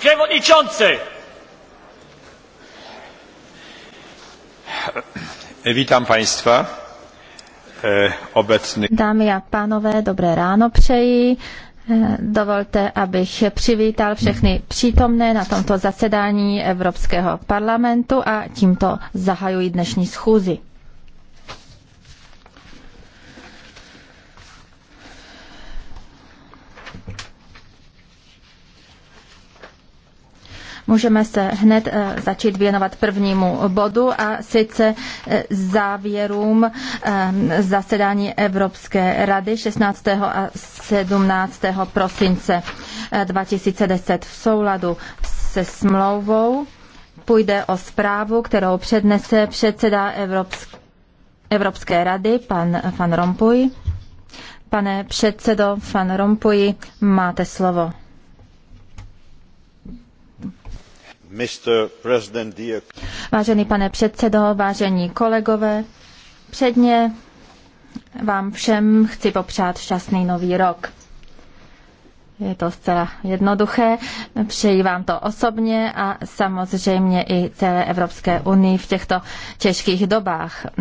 przewodniczący! Witam Państwa. E, obecny. Dámy a pánové, dobré ráno přeji. E, dovolte, abych přivítal všechny přítomné na tomto zasedání Evropského parlamentu a tímto zahajuji dnešní schůzi. Můžeme se hned eh, začít věnovat prvnímu bodu a sice eh, závěrům eh, zasedání Evropské rady 16. a 17. prosince 2010 v souladu se smlouvou. Půjde o zprávu, kterou přednese předseda Evropské Evropské rady, pan Van Rompuy. Pane předsedo Van Rompuy, máte slovo. Vážený pane předsedo, vážení kolegové, předně vám všem chci popřát šťastný nový rok. Je to zcela jednoduché. Přeji vám to osobně a samozřejmě i celé Evropské unii v těchto těžkých dobách.